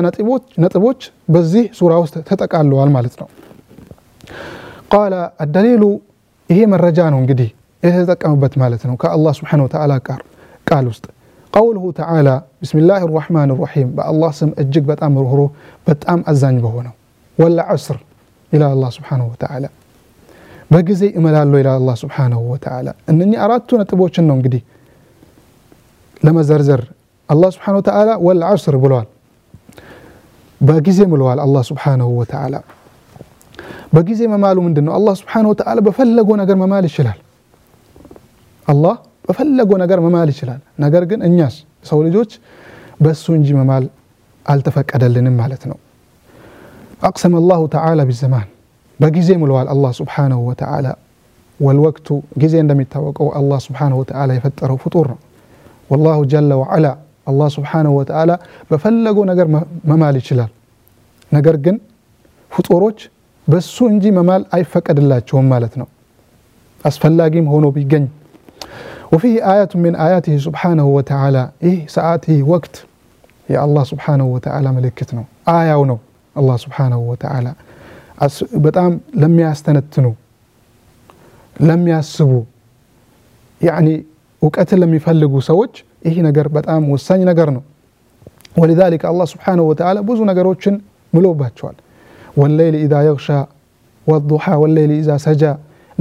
S1: ነጥቦች በዚህ ሱራ ውስጥ ተጠቃለዋል ማለት ነው ቃለ አደሌሉ ይሄ መረጃ ነው እንግዲህ የተጠቀሙበት ማለት ነው ከአላህ ስብሓን ወተላ ቃር ቃል ውስጥ قوله تعالى بسم الله الرحمن الرحيم با الله سم اجيك بتام رهرو بتام ازاني بهونو ولا عصر الى الله سبحانه وتعالى بغزي املالو الى الله سبحانه وتعالى انني اردت نتبوچن نو انغدي لما زرزر الله سبحانه وتعالى والعصر بلوال باقي ملوال الله سبحانه وتعالى باقي زي ما ماله من دنو الله سبحانه وتعالى بفلقوا نقر مال الشلال الله بفلقوا نقر مال الشلال نقر قن الناس سوى لجوج بس ونجي ممال التفك أدلن مالتنو أقسم الله تعالى بالزمان باقي زي ملوال الله سبحانه وتعالى والوقت جزء عندما يتوقع الله سبحانه وتعالى يفتر فطور والله جل وعلا አላህ ስብሓንሁ ወተዓላ በፈለገው ነገር መማል ይችላል። ነገር ግን ፍጡሮች በሱ እንጂ መማል አይፈቀድላቸውም ማለት ነው። አስፈላጊም ሆኖ ቢገኝ ወፊህ አያቱን ምን አያትህ ስብሓንሁ ወተዓላ ይህ ሰዓት ይህ ወቅት የአላህ ስብሓንሁ ወተዓላ ምልክት ነው፣ አያው ነው። አላህ ስብሓንሁ ወተዓላ በጣም ለሚያስተነትኑ ለሚያስቡ ያዕኒ እውቀትን ለሚፈልጉ ሰዎች ይህ ነገር በጣም ወሳኝ ነገር ነው ወሊዛሊከ አላህ ስብሓንሁ ወተዓላ ብዙ ነገሮችን ምሎባቸዋል ወለይል ኢዛ የግሻ ወዱሓ ወለይል ኢዛ ሰጃ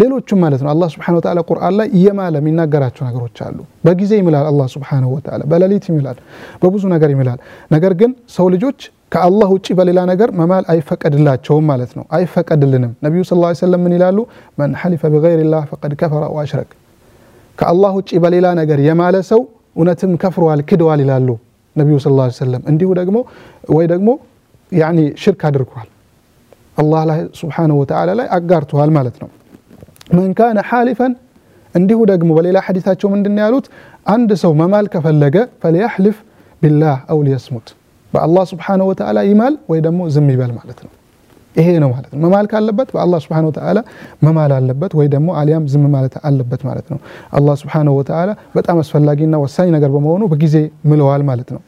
S1: ሌሎችም ማለት ነው አላህ ስብሓን ወተዓላ ቁርአን ላይ እየማለ የሚናገራቸው ነገሮች አሉ በጊዜ ይምላል አላህ ስብሓንሁ ወተዓላ በሌሊት ይምላል በብዙ ነገር ይምላል ነገር ግን ሰው ልጆች ከአላህ ውጭ በሌላ ነገር መማል አይፈቀድላቸውም ማለት ነው አይፈቀድልንም ነቢዩ ስ ላ ሰለም ምን ይላሉ መን ሐሊፈ ብገይር ላህ ፈቀድ ከፈረ ወአሽረክ ከአላህ ውጭ በሌላ ነገር የማለ ሰው ونتم كفروا كدوا لالو نبي صلى الله عليه وسلم عندي ودقمو ويدقمو يعني شرك هدركوا الله له سبحانه وتعالى لا أقارتوا هالمالتنا من كان حالفا عندي ودقمو بل إلى حديثات من الدنيا لوت عند سو ما مالك فلقى فليحلف بالله أو ليصمت بأ الله سبحانه وتعالى يمال ويدمو زمي بالمالتنا ይሄ ነው ማለት ነው። መማል ካለበት በአላህ ስብሓነሁ ወተዓላ መማል አለበት ወይ ደግሞ አሊያም ዝም ማለት አለበት ማለት ነው። አላህ ስብሓነሁ ወተዓላ በጣም አስፈላጊና ወሳኝ ነገር በመሆኑ በጊዜ ምለዋል ማለት ነው።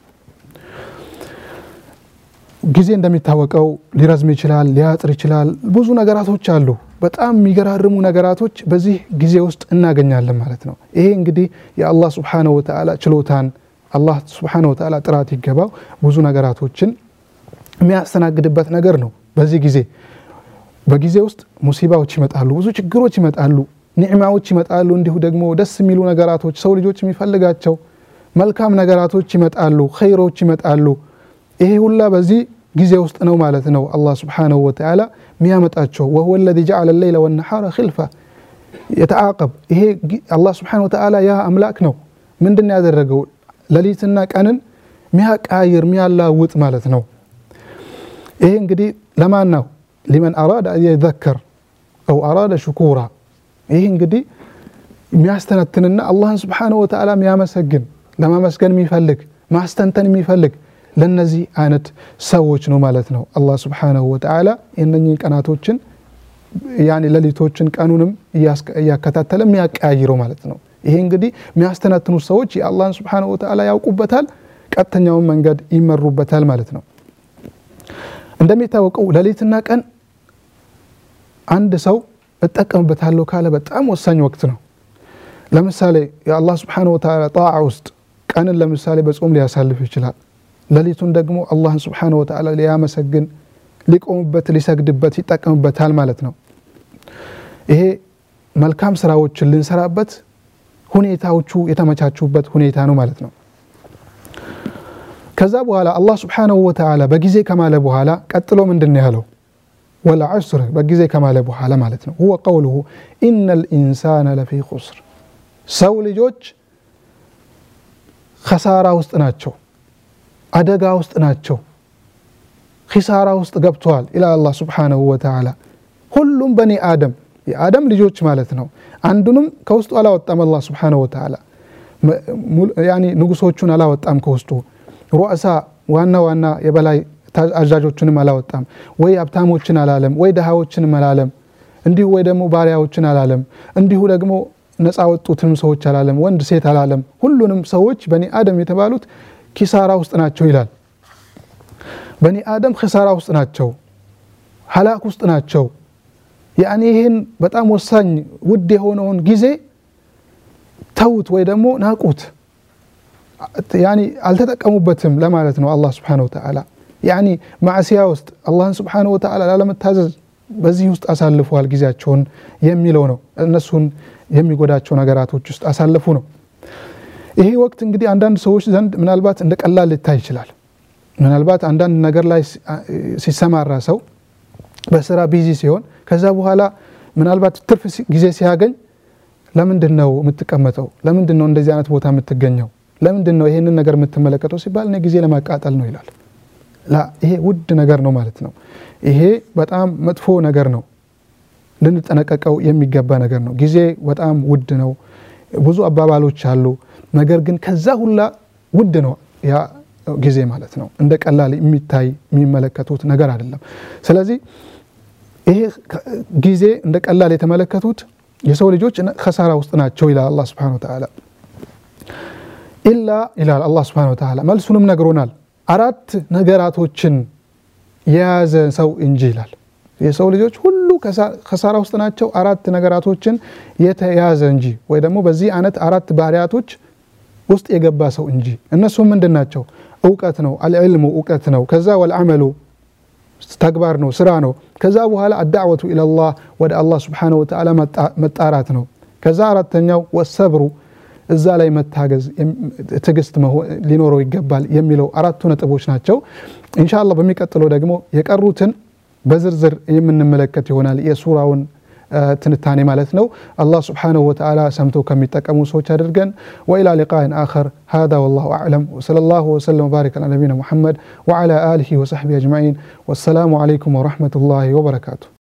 S1: ጊዜ እንደሚታወቀው ሊረዝም ይችላል፣ ሊያጥር ይችላል። ብዙ ነገራቶች አሉ። በጣም የሚገራርሙ ነገራቶች በዚህ ጊዜ ውስጥ እናገኛለን ማለት ነው። ይሄ እንግዲህ የአላህ ስብሓነሁ ወተዓላ ችሎታን አላህ ስብሓነሁ ወተዓላ ጥራት ይገባው ብዙ ነገራቶችን የሚያስተናግድበት ነገር ነው። በዚህ ጊዜ በጊዜ ውስጥ ሙሲባዎች ይመጣሉ፣ ብዙ ችግሮች ይመጣሉ፣ ኒዕማዎች ይመጣሉ። እንዲሁ ደግሞ ደስ የሚሉ ነገራቶች፣ ሰው ልጆች የሚፈልጋቸው መልካም ነገራቶች ይመጣሉ፣ ኸይሮች ይመጣሉ። ይሄ ሁላ በዚህ ጊዜ ውስጥ ነው ማለት ነው። አላ ስብንሁ ወተላ የሚያመጣቸው ወሁ ለዚ ጀዓለ ሌይለ ወነሓረ ኺልፈ የተዓቀብ ይሄ አላ ስብን ወተላ ያ አምላክ ነው። ምንድን ያደረገው ለሊትና ቀንን ሚያቃይር ሚያላውጥ ማለት ነው። ይሄ እንግዲህ ለማን ነው? ሊመን አራዳ የዘከር አው አራዳ ሽኩራ። ይህ እንግዲህ የሚያስተነትንና አላህን ስብሓነሁ ወተዓላ የሚያመሰግን ለማመስገን የሚፈልግ ማስተንተን የሚፈልግ ለነዚህ አይነት ሰዎች ነው ማለት ነው። አላህ ስብሓነሁ ወተዓላ የነኚህ ቀናቶችን ያኔ ሌሊቶችን ቀኑንም እያከታተለ የሚያቀያይረው ማለት ነው። ይሄ እንግዲህ የሚያስተነትኑ ሰዎች የአላህን ስብሓነሁ ወተዓላ ያውቁበታል፣ ቀጥተኛውን መንገድ ይመሩበታል ማለት ነው። እንደሚታወቀው ለሌትና ቀን አንድ ሰው እጠቀምበታለሁ ካለ በጣም ወሳኝ ወቅት ነው። ለምሳሌ የአላ ስብን ወተላ ጣዓ ውስጥ ቀንን ለምሳሌ በጾም ሊያሳልፍ ይችላል። ለሊቱን ደግሞ አላህን ስብሓነሁ ወተላ ሊያመሰግን፣ ሊቆምበት፣ ሊሰግድበት ይጠቀምበታል ማለት ነው። ይሄ መልካም ስራዎችን ልንሰራበት ሁኔታዎቹ የተመቻቹበት ሁኔታ ነው ማለት ነው። ከዛ በኋላ አላህ ስብሓንሁ ወተዓላ በጊዜ ከማለ በኋላ ቀጥሎ ምንድን ያለው ወልዐስር በጊዜ ከማለ በኋላ ማለት ነው ሁወ ቀውሉሁ ኢነ ልኢንሳነ ለፊ ቁስር ሰው ልጆች ከሳራ ውስጥ ናቸው አደጋ ውስጥ ናቸው ኪሳራ ውስጥ ገብተዋል ይላል አላህ ስብሓንሁ ወተዓላ ሁሉም በኒ አደም የአደም ልጆች ማለት ነው አንዱንም ከውስጡ አላወጣም አላ ስብሓንሁ ወተዓላ ንጉሶቹን አላወጣም ከውስጡ ሩዕሳ ዋና ዋና የበላይ አዛዦችንም አላወጣም ወይ ሀብታሞችን አላለም ወይ ድሃዎችንም አላለም እንዲሁ ወይ ደግሞ ባሪያዎችን አላለም እንዲሁ ደግሞ ነፃ ወጡትንም ሰዎች አላለም ወንድ ሴት አላለም ሁሉንም ሰዎች በኒ አደም የተባሉት ኪሳራ ውስጥ ናቸው ይላል በኒ አደም ኪሳራ ውስጥ ናቸው ሀላክ ውስጥ ናቸው ያኒ ይህን በጣም ወሳኝ ውድ የሆነውን ጊዜ ተዉት ወይ ደግሞ ናቁት ያኒ አልተጠቀሙበትም ለማለት ነው አላህ ስብሓን ወተዓላ ያኒ ማዕስያ ውስጥ አላህን ስብሓን ወተዓላ ላለመታዘዝ በዚህ ውስጥ አሳልፈዋል ጊዜያቸውን የሚለው ነው እነሱን የሚጎዳቸው ነገራቶች ውስጥ አሳልፉ ነው ይሄ ወቅት እንግዲህ አንዳንድ ሰዎች ዘንድ ምናልባት እንደ ቀላል ሊታይ ይችላል ምናልባት አንዳንድ ነገር ላይ ሲሰማራ ሰው በስራ ቢዚ ሲሆን ከዛ በኋላ ምናልባት ትርፍ ጊዜ ሲያገኝ ለምንድን ነው የምትቀመጠው ለምንድን ነው እንደዚህ አይነት ቦታ የምትገኘው ለምንድን ነው ይሄንን ነገር የምትመለከተው ሲባል እኔ ጊዜ ለማቃጠል ነው ይላል። ላ ይሄ ውድ ነገር ነው ማለት ነው። ይሄ በጣም መጥፎ ነገር ነው፣ ልንጠነቀቀው የሚገባ ነገር ነው። ጊዜ በጣም ውድ ነው። ብዙ አባባሎች አሉ። ነገር ግን ከዛ ሁላ ውድ ነው ያ ጊዜ ማለት ነው። እንደ ቀላል የሚታይ የሚመለከቱት ነገር አይደለም። ስለዚህ ይሄ ጊዜ እንደ ቀላል የተመለከቱት የሰው ልጆች ከሳራ ውስጥ ናቸው ይላል አላህ ሱብሓነሁ ወተዓላ። إلا إلى الله سبحانه وتعالى ما لسنا من قرونال أرات نقراته تشن يا سو إنجيلال يا سو لجوج كله خسارة وستناتش أرات نقراته تشن يتا يا زنجي وإذا مو بزي أنا أرات بارياتوش وست يقبا سو إنجي الناس هم من دناتش أوكاتنو العلم أوكاتنو كذا والعمل استكبرنو سرانو كذا وهلا الدعوة إلى الله ود الله سبحانه وتعالى متأراتنو كذا أرات والصبر زالي متاجز تجست ما هو لينورو الجبل يميلو أرادتونة أبوش ناتشو إن شاء الله بميك أتلو دعمو يكرروتن بزرزر يمن الملكة هنا لي سوراون تنتاني مالتنو الله سبحانه وتعالى سمتو كم يتكامو سو وإلى لقاء آخر هذا والله أعلم وصلى الله وسلم وبارك على نبينا محمد وعلى آله وصحبه أجمعين والسلام عليكم ورحمة الله وبركاته